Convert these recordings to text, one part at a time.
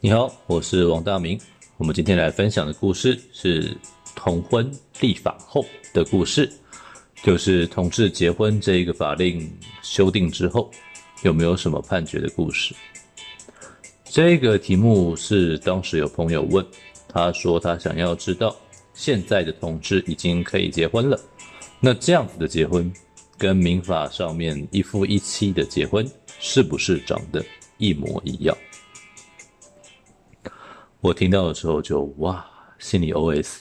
你好，我是王大明。我們今天來分享的故事是同婚立法後的故事，就是同志結婚這個法令修訂之後，有沒有什麼判決的故事？這個題目是當時有朋友問，他說他想要知道，現在的同志已經可以結婚了，那這樣子的結婚跟民法上面一夫一妻的結婚是不是長得一模一樣？我聽到的時候就哇，心裡 OS：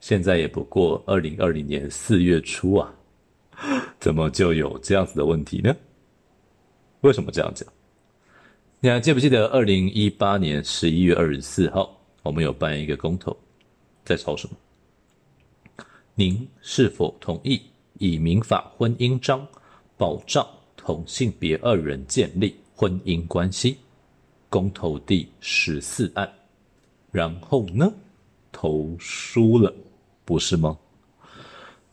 現在也不過二零二零年四月初啊，怎麼就有這樣子的問題呢？為什麼這樣講？你還記不記得二零一八年十一月二十四號，我們有辦一個公投，在吵什麼？您是否同意以民法婚姻章保障同性別二人建立婚姻關係？公投第十四案。然後呢，投輸了，不是嗎？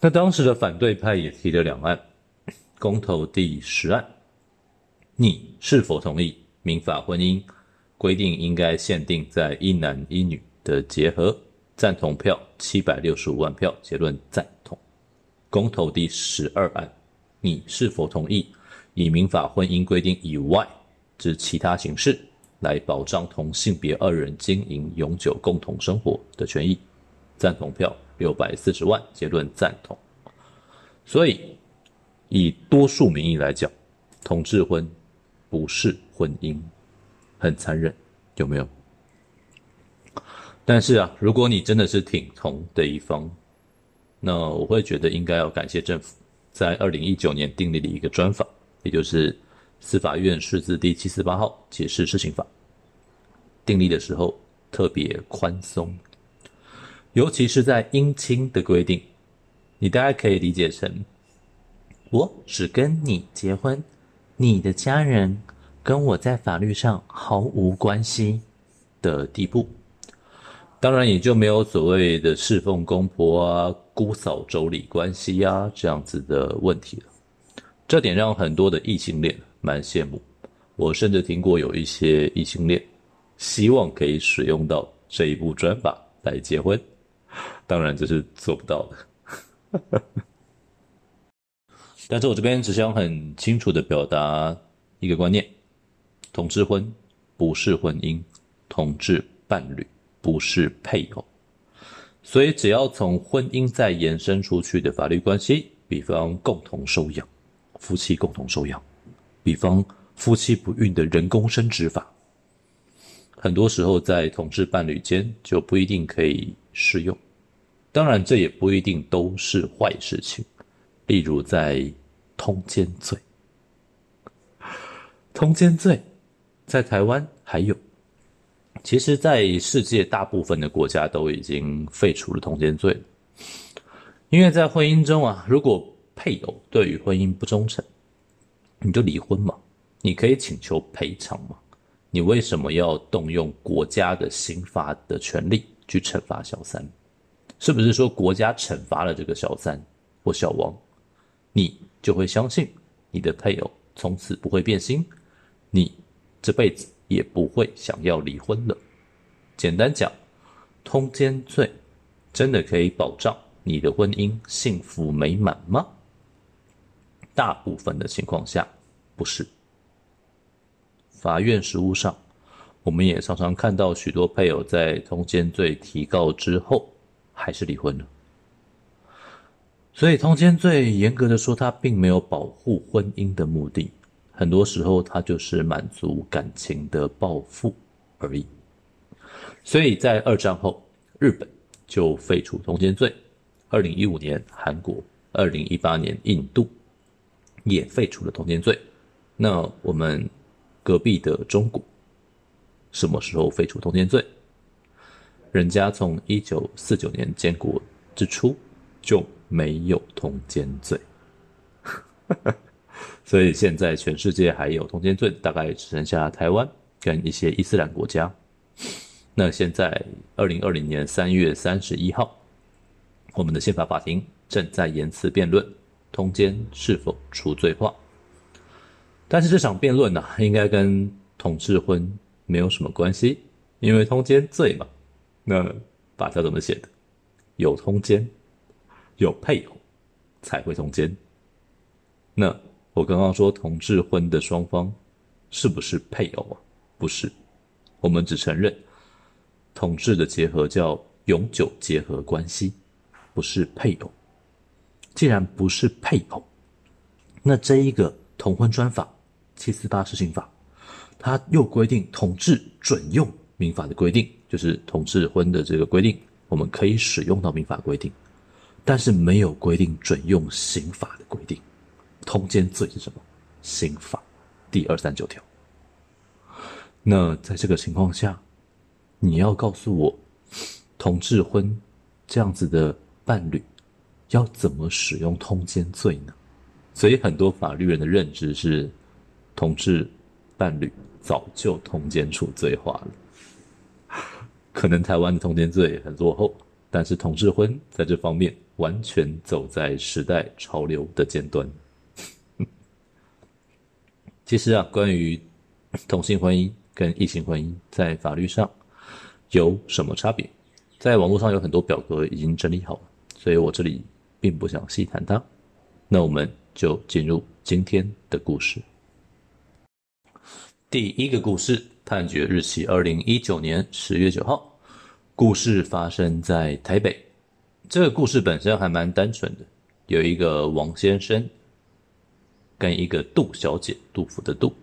那當時的反對派也提了兩案，公投第十案，你是否同意民法婚姻規定應該限定在一男一女的結合？贊同票七百六十五萬票，結論贊同。公投第十二案，你是否同意以民法婚姻規定以外之其他形式？來保障同性別二人經營永久共同生活的權益，贊同票六百四十萬，結論贊同。所以以多數民意來講，同志婚不是婚姻，很殘忍，有沒有？但是啊，如果你真的是挺同的一方，那我會覺得應該要感謝政府在二零一九年訂立了一個專法，也就是。司法院釋字第七四八號解釋施行法訂立的時候特別寬鬆，尤其是在姻親的規定，你大家可以理解成我只跟你結婚，你的家人跟我在法律上毫無關係的地步，當然也就沒有所謂的侍奉公婆啊、姑嫂妯娌關係呀、啊、這樣子的問題了。這點讓很多的異性戀。蠻羨慕，我甚至聽過有一些異性戀，希望可以使用到這一部專法來結婚，當然這是做不到的。 但是，我這邊只想很清楚的表達一個觀念：同志婚不是婚姻，同志伴侶不是配偶。所以，只要從婚姻再延伸出去的法律關係，比方共同收養、夫妻共同收養。比方夫妻不孕的人工生殖法，很多時候在同志伴侶間就不一定可以適用。當然，這也不一定都是壞事情。例如在通奸罪，通奸罪在台灣還有，其實，在世界大部分的國家都已經廢除了通奸罪了，因為在婚姻中啊，如果配偶對於婚姻不忠誠。你就離婚嘛，你可以請求賠償嘛，你為什麼要動用國家的刑罰的權利去懲罰小三？是不是說國家懲罰了這個小三或小王，你就會相信你的配偶從此不會變心，你這輩子也不會想要離婚了？簡單講，通姦罪真的可以保障你的婚姻幸福美滿嗎？大部分的情況下，不是。法院實務上，我們也常常看到許多配偶在通姦罪提告之後，還是離婚了。所以，通姦罪嚴格的說，它並沒有保護婚姻的目的，很多時候它就是滿足感情的報復而已。所以在二戰後，日本就廢除通姦罪；二零一五年，韓國；二零一八年，印度。也廢除了通姦罪。那我們隔壁的中國什麼時候廢除通姦罪？人家從一九四九年建國之初就沒有通姦罪， 所以現在全世界還有通姦罪，大概只剩下台灣跟一些伊斯蘭國家。那現在二零二零年三月三十一號，我們的憲法法庭正在言詞辯論。通姦是否除罪化？但是這場辯論呢、啊，應該跟同志婚沒有什麼關係，因為通姦罪嘛，那法條怎麼寫的？有通姦，有配偶才會通姦。那我剛剛說同志婚的雙方是不是配偶啊？不是，我們只承認同志的結合叫永久結合關係，不是配偶。既然不是配偶，那這一個同婚專法《七四八施行法》，它又規定同志準用民法的規定，就是同志婚的這個規定，我們可以使用到民法的規定，但是沒有規定準用刑法的規定。通奸罪是什麼？刑法第二三九條。那在這個情況下，你要告訴我，同志婚這樣子的伴侶。要怎麼使用通姦罪呢？所以很多法律人的認知是，同志伴侶早就通姦除罪化了。可能台灣的通姦罪很落後，但是同志婚在這方面完全走在時代潮流的尖端。 其實啊，關於同性婚姻跟異性婚姻在法律上有什麼差別？在網絡上有很多表格已經整理好了，所以我這裡。並不想細談他，那我們就進入今天的故事。第一個故事，判決日期二零一九年十月九號。故事發生在台北。這個故事本身還蠻單純的，有一個王先生跟一個杜小姐（杜甫的杜）。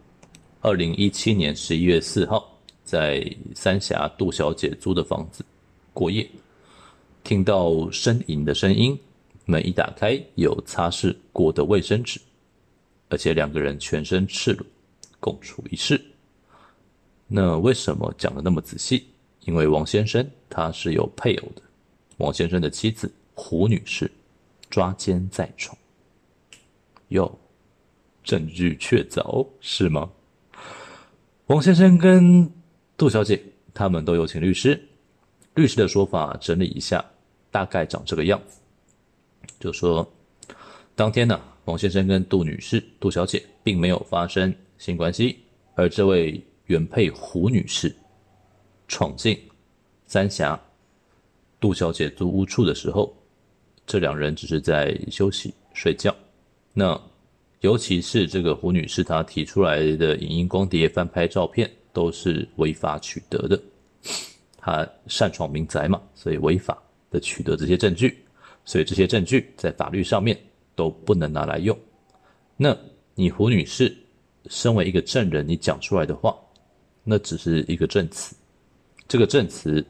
二零一七年十一月四號，在三峽杜小姐租的房子過夜，聽到呻吟的聲音。門一打開，有擦拭過的衛生紙，而且兩個人全身赤裸，共處一室。那為什麼講的那麼仔細？因為王先生他是有配偶的，王先生的妻子胡女士抓姦在床，喲，證據確鑿，是嗎？王先生跟杜小姐他們都有請律師，律師的說法整理一下，大概長這個樣子。就說，當天呢、啊，王先生跟杜女士、杜小姐並沒有發生性關係，而這位原配胡女士闖進三峽杜小姐租屋處的時候，這兩人只是在休息睡覺。那尤其是這個胡女士，她提出來的影音光碟、翻拍照片都是違法取得的，她擅闖民宅嘛，所以違法的取得這些證據。所以這些證據在法律上面都不能拿來用。那你胡女士身為一個證人，你講出來的話，那只是一個證詞。這個證詞，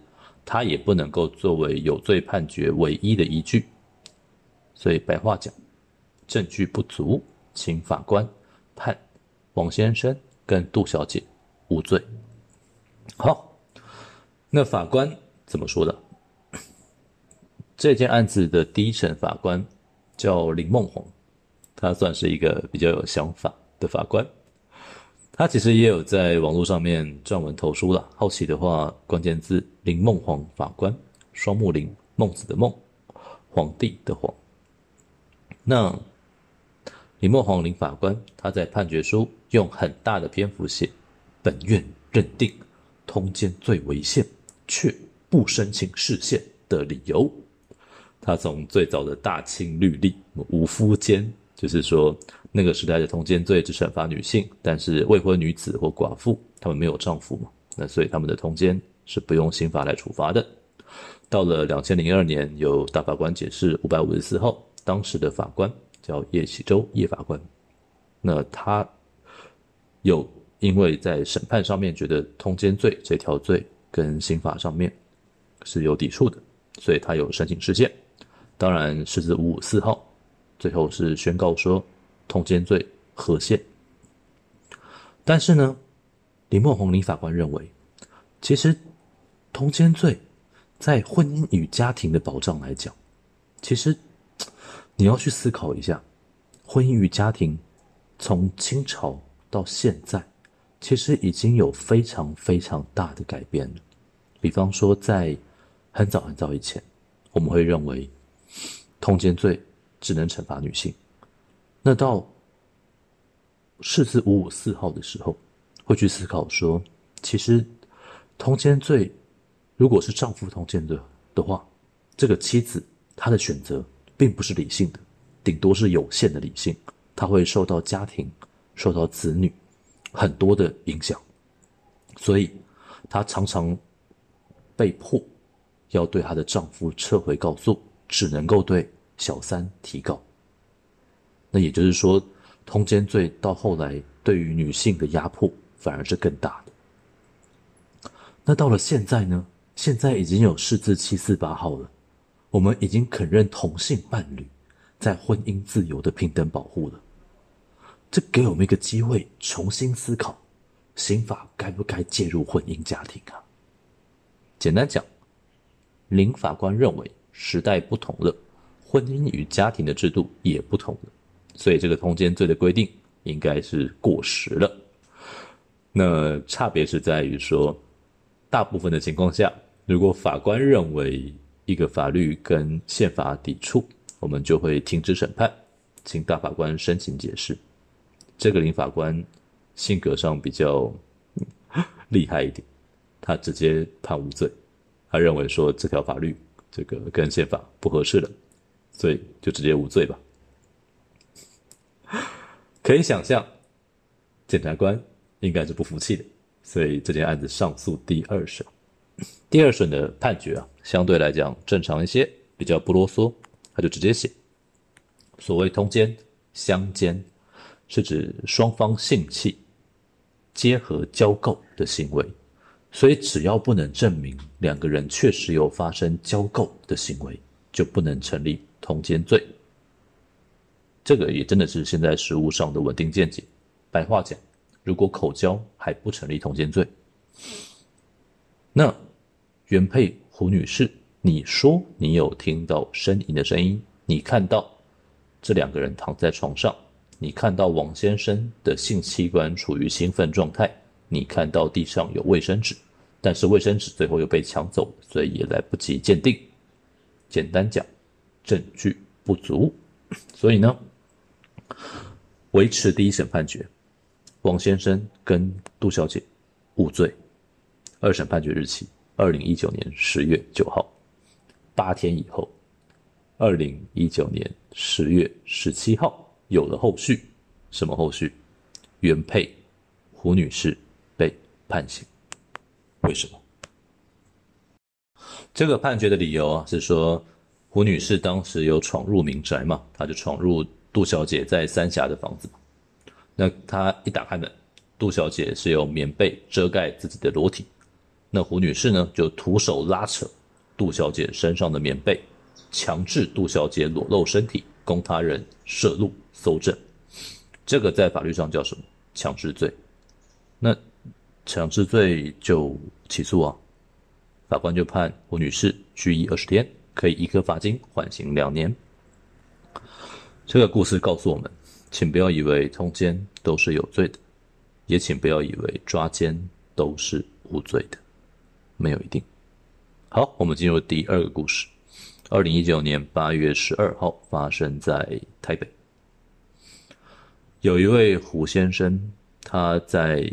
它也不能夠作為有罪判決唯一的依據。所以白話講，證據不足，請法官判王先生跟杜小姐無罪。好，那法官怎麼說的？這件案子的第一審法官叫林孟皇，他算是一個比較有想法的法官。他其實也有在網絡上面撰文投書了。好奇的話，關鍵字林孟皇法官、雙木林、孟子的孟、皇帝的皇。那林孟皇林法官他在判決書用很大的篇幅寫，本院認定通姦罪違憲，卻不申請釋憲的理由。他從最早的大清律例無夫姦，就是說那個時代的通奸罪只懲罰女性，但是未婚女子或寡婦，她們沒有丈夫嘛，那所以她們的通奸是不用刑法來處罰的。到了2002年，由大法官解釋五百五十四號，當時的法官叫葉啟洲葉法官，那他有因為在審判上面覺得通奸罪這條罪跟刑法上面是有抵觸的，所以他有申請釋憲。當然是指五五四號，最後是宣告說通姦罪合憲。但是呢，林孟紅林法官認為，其實通姦罪在婚姻與家庭的保障來講，其實你要去思考一下，婚姻與家庭從清朝到現在，其實已經有非常非常大的改變了。比方說，在很早很早以前，我們會認為。通姦罪只能懲罰女性，那到釋字五五四號的時候，會去思考說，其實通姦罪如果是丈夫通姦的的話，這個妻子她的選擇並不是理性的，頂多是有限的理性，她會受到家庭、受到子女很多的影響，所以她常常被迫要對她的丈夫撤回告訴。只能夠對小三提告，那也就是說，通姦罪到後來對於女性的壓迫反而是更大的。那到了現在呢？現在已經有釋字七四八號了，我們已經肯認同性伴侶在婚姻自由的平等保護了。這給我們一個機會重新思考，刑法該不該介入婚姻家庭啊？簡單講，林法官認為。時代不同了，婚姻與家庭的制度也不同了，所以這個通姦罪的規定應該是過時了。那差別是在於說，大部分的情況下，如果法官認為一個法律跟憲法抵觸，我們就會停止審判，請大法官申請解釋。這個林法官性格上比較，嗯，厲害一點，他直接判無罪，他認為說，這條法律，這個跟憲法不合適的，所以就直接無罪吧。可以想象，檢察官應該是不服氣的，所以這件案子上訴第二審。第二審的判決啊，相對來講正常一些，比較不囉嗦，他就直接寫：所謂通奸、相奸，是指雙方性器結合交媾的行為。所以，只要不能證明兩個人確實有發生交媾的行為，就不能成立通奸罪。這個也真的是現在實務上的穩定見解。白話講，如果口交還不成立通奸罪，那原配胡女士，你說你有聽到呻吟的聲音，你看到這兩個人躺在床上，你看到王先生的性器官處於興奮狀態。你看到地上有衛生紙，但是衛生紙最後又被搶走，所以也來不及鑑定。簡單講，證據不足，所以呢，維持第一審判決，王先生跟杜小姐無罪。二審判決日期二零一九年十月九號，八天以後，二零一九年十月十七號有了後續，什麼後續？原配胡女士。判刑，為什麼？這個判決的理由啊，是說胡女士當時有闖入民宅嘛，她就闖入杜小姐在三峽的房子嘛。那她一打開門，杜小姐是用棉被遮蓋自己的裸體，那胡女士呢就徒手拉扯杜小姐身上的棉被，強制杜小姐裸露身體，供他人攝錄搜證。這個在法律上叫什麼？強制罪。那？強制罪就起訴啊，法官就判胡女士拘役二十天，可以易科罰金，緩刑兩年。這個故事告訴我們，請不要以為通姦都是有罪的，也請不要以為抓姦都是無罪的，沒有一定。好，我們進入第二個故事。二零一九年八月十二號發生在台北，有一位胡先生，他在。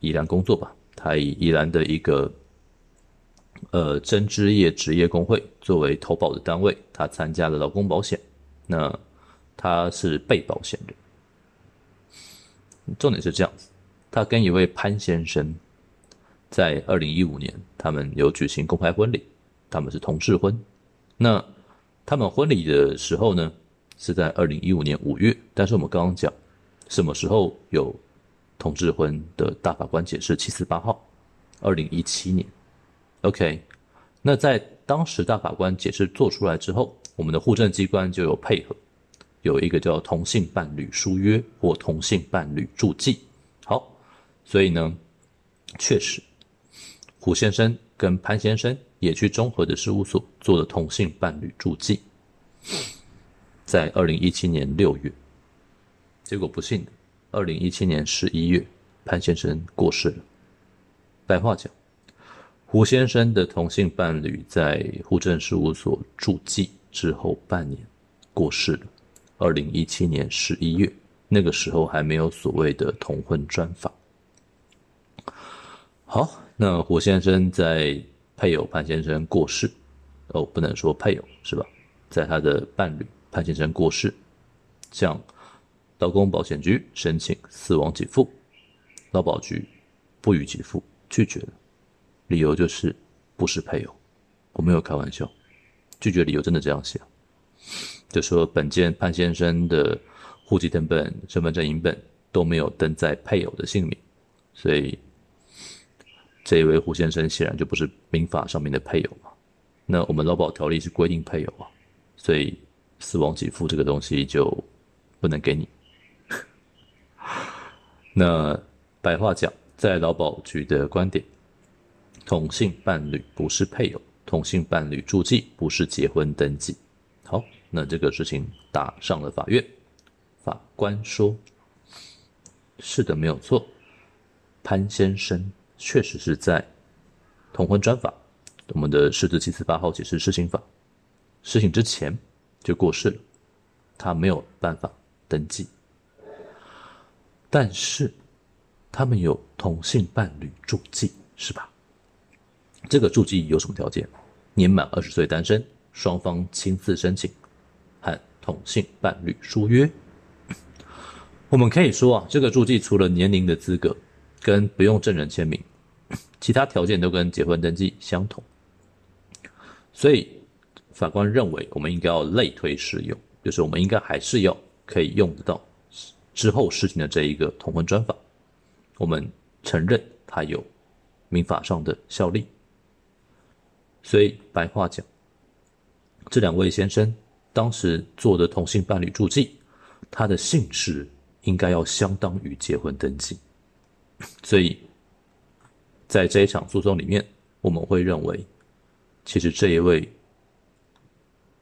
宜蘭工作吧，他以宜蘭的一個呃針織業職業工會作為投保的單位，他參加了勞工保險，那他是被保險人。重點是這樣子，他跟一位潘先生在二零一五年，他們有舉行公開婚禮，他們是同事婚。那他們婚禮的時候呢，是在二零一五年五月，但是我們剛剛講什麼時候有。同志婚的大法官解釋七四八號，二零一七年。OK，那在當時大法官解釋做出來之後，我們的戶政機關就有配合，有一個叫同性伴侶書約或同性伴侶註記。好，所以呢，確實，胡先生跟潘先生也去中和的事務所做了同性伴侶註記，在二零一七年六月，結果不幸的。二零一七年十一月，潘先生過世了。白話講，胡先生的同性伴侶在戶政事務所註記之後半年過世了。二零一七年十一月，那個時候還沒有所謂的同婚專法。好，那胡先生在配偶潘先生過世，哦，不能說配偶是吧？在他的伴侶潘先生過世，這樣。勞工保險局申請死亡給付，勞保局不予給付，拒絕了，理由就是不是配偶，我沒有開玩笑，拒絕理由真的這樣寫，就說本件潘先生的戶籍謄本、身份證影本都沒有登在配偶的姓名，所以這位胡先生顯然就不是民法上面的配偶嘛，那我們勞保條例是規定配偶啊，所以死亡給付這個東西就不能給你。那白話講，在勞保局的觀點，同性伴侶不是配偶，同性伴侶註記不是結婚登記。好，那這個事情打上了法院，法官說，是的，沒有錯，潘先生確實是在同婚專法，我們的釋字七四八號解釋施行法施行之前就過世了，他沒有辦法登記。但是，他們有同性伴侶註記，是吧？這個註記有什麼條件？年滿二十歲單身，雙方親自申請，和同性伴侶書約。我們可以說啊，這個註記除了年齡的資格，跟不用證人簽名，其他條件都跟結婚登記相同。所以，法官認為我們應該要類推適用，就是我們應該還是要可以用得到。之後實行的這一個同婚專法，我們承認它有民法上的效力。所以白話講，這兩位先生當時做的同性伴侶註記，他的性質應該要相當於結婚登記。所以，在這一場訴訟裡面，我們會認為，其實這一位，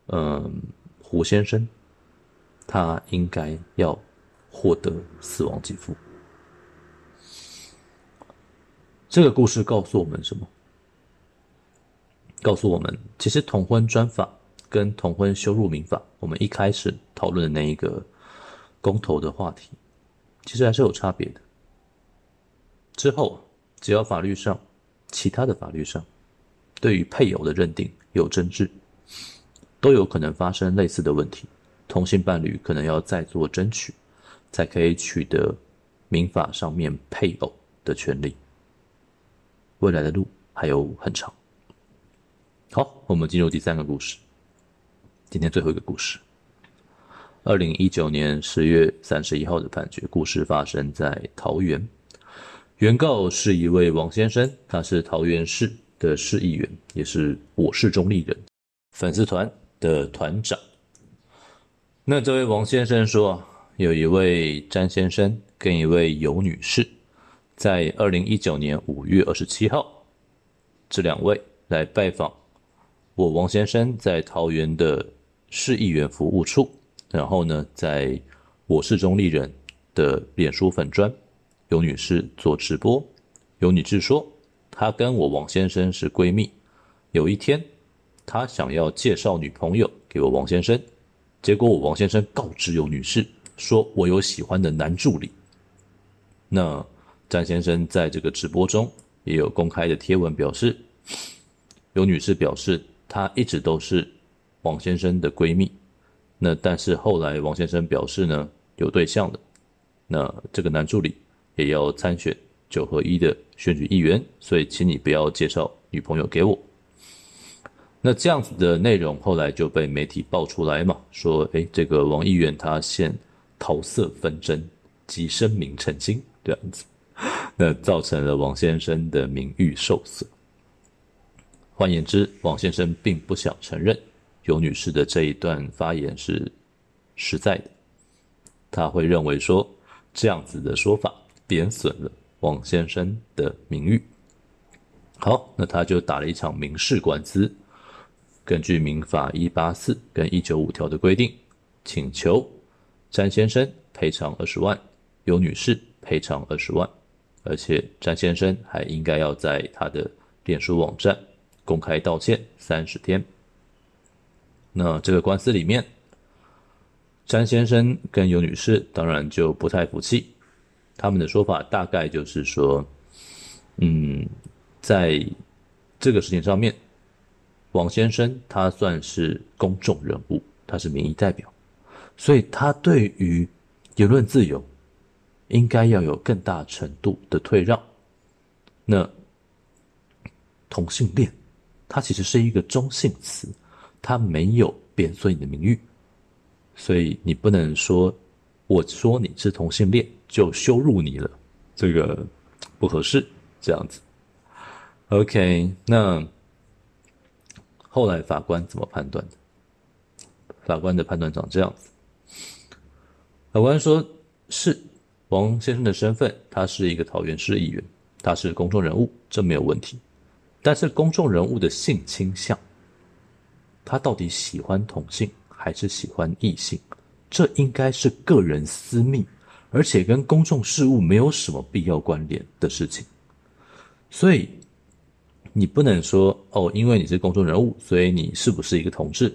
嗯，胡先生，他應該要。獲得死亡給付。這個故事告訴我們什麼？告訴我們，其實同婚專法跟同婚修入民法，我們一開始討論的那一個公投的話題，其實還是有差別的。之後，只要法律上、其他的法律上，對於配偶的認定有爭執，都有可能發生類似的問題。同性伴侶可能要再做爭取。才可以取得民法上面配偶的權利。未來的路還有很長。好，我們進入第三個故事，今天最後一個故事。二零一九年十月三十一號的判決，故事發生在桃園。原告是一位王先生，他是桃園市的市議員，也是我是中壢人粉絲團的團長。那這位王先生說。有一位詹先生跟一位游女士，在二零一九年五月二十七號，這兩位來拜訪我王先生在桃園的市議員服務處。然後呢，在我是中立人的臉書粉專，游女士做直播。游女士說，她跟我王先生是閨蜜。有一天，她想要介紹女朋友給我王先生，結果我王先生告知游女士。說我有喜歡的男助理。那詹先生在這個直播中也有公開的貼文表示，有女士表示她一直都是王先生的閨蜜。那但是後來王先生表示呢，有對象的。那這個男助理也要參選九合一的選舉議員，所以請你不要介紹女朋友給我。那這樣子的內容後來就被媒體爆出來嘛，說，誒，這個王議員他現桃色紛爭及聲明澄清這樣子，那造成了王先生的名譽受損。換言之，王先生並不想承認尤女士的這一段發言是實在的，他會認為說這樣子的說法貶損了王先生的名譽。好，那他就打了一場民事官司，根據《民法》一八四跟一九五條的規定，請求。詹先生賠償二十萬，尤女士賠償二十萬，而且詹先生還應該要在他的臉書網站公開道歉三十天。那這個官司裡面，詹先生跟尤女士當然就不太服氣，他們的說法大概就是說，嗯，在這個事情上面，王先生他算是公眾人物，他是民意代表。所以，他對於言論自由應該要有更大程度的退讓。那同性戀，它其實是一個中性詞，它沒有貶損你的名譽，所以你不能說我說你是同性戀就羞辱你了，這個不合適。這樣子，OK，那後來法官怎麼判斷的？法官的判斷長這樣子。法官說：“是王先生的身份，他是一個桃園市議員，他是公眾人物，這沒有問題。但是公眾人物的性傾向，他到底喜歡同性還是喜歡異性，這應該是個人私密，而且跟公眾事務沒有什麼必要關聯的事情。所以你不能說哦，因為你是公眾人物，所以你是不是一個同志？”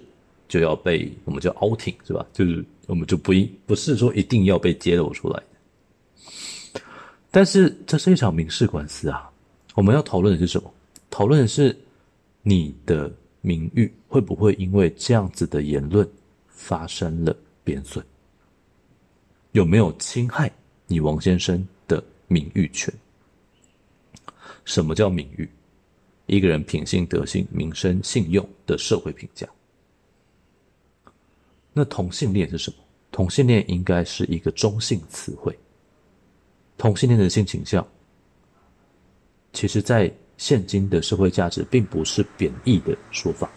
就要被我們叫 outing 是吧？就是我們就不一不是說一定要被揭露出來的。但是這是一場民事官司啊！我們要討論的是什麼？討論的是你的名譽會不會因為這樣子的言論發生了貶損？有沒有侵害你王先生的名譽權？什麼叫名譽？一個人品性、德性、名聲、信用的社會評價。那同性戀是什麼？同性戀應該是一個中性詞彙。同性戀的性傾向，其實，在現今的社會價值，並不是貶義的說法。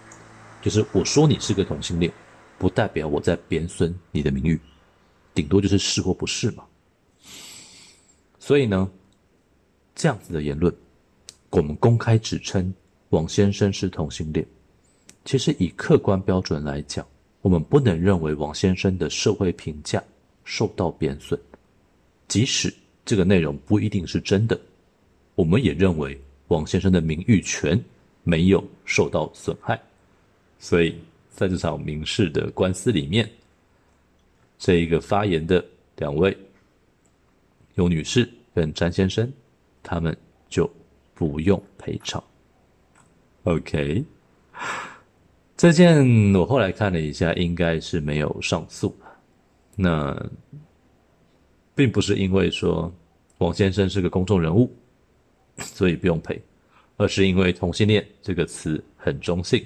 就是我說你是個同性戀，不代表我在貶損你的名譽，頂多就是是或不是嘛。所以呢，這樣子的言論，我們公開指稱王先生是同性戀，其實以客觀標準來講。我們不能認為王先生的社會評價受到貶損，即使這個內容不一定是真的，我們也認為王先生的名譽權沒有受到損害，所以在這場民事的官司裡面，這一個發言的兩位，尤女士跟詹先生，他們就不用賠償。OK。這件我後來看了一下，應該是沒有上訴。那並不是因為說王先生是個公眾人物，所以不用賠，而是因為同性戀這個詞很中性。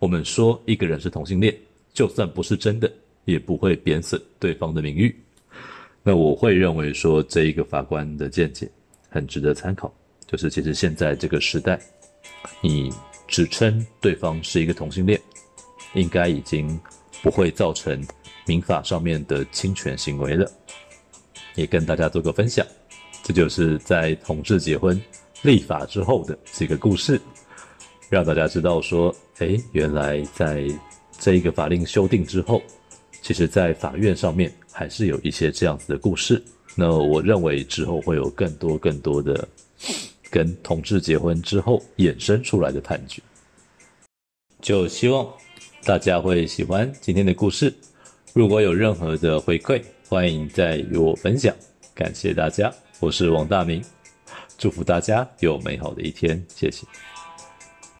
我們說一個人是同性戀，就算不是真的，也不會貶損對方的名譽。那我會認為說這一個法官的見解很值得參考，就是其實現在這個時代，你指稱對方是一個同性戀。應該已經不會造成民法上面的侵權行為了，也跟大家做個分享。這就是在同志結婚立法之後的這個故事，讓大家知道說，哎，原來在這個法令修訂之後，其實，在法院上面還是有一些這樣子的故事。那我認為之後會有更多更多的跟同志結婚之後衍生出來的判決，就希望。大家會喜歡今天的故事，如果有任何的回饋，歡迎再與我分享。感謝大家，我是王大明，祝福大家有美好的一天，謝謝。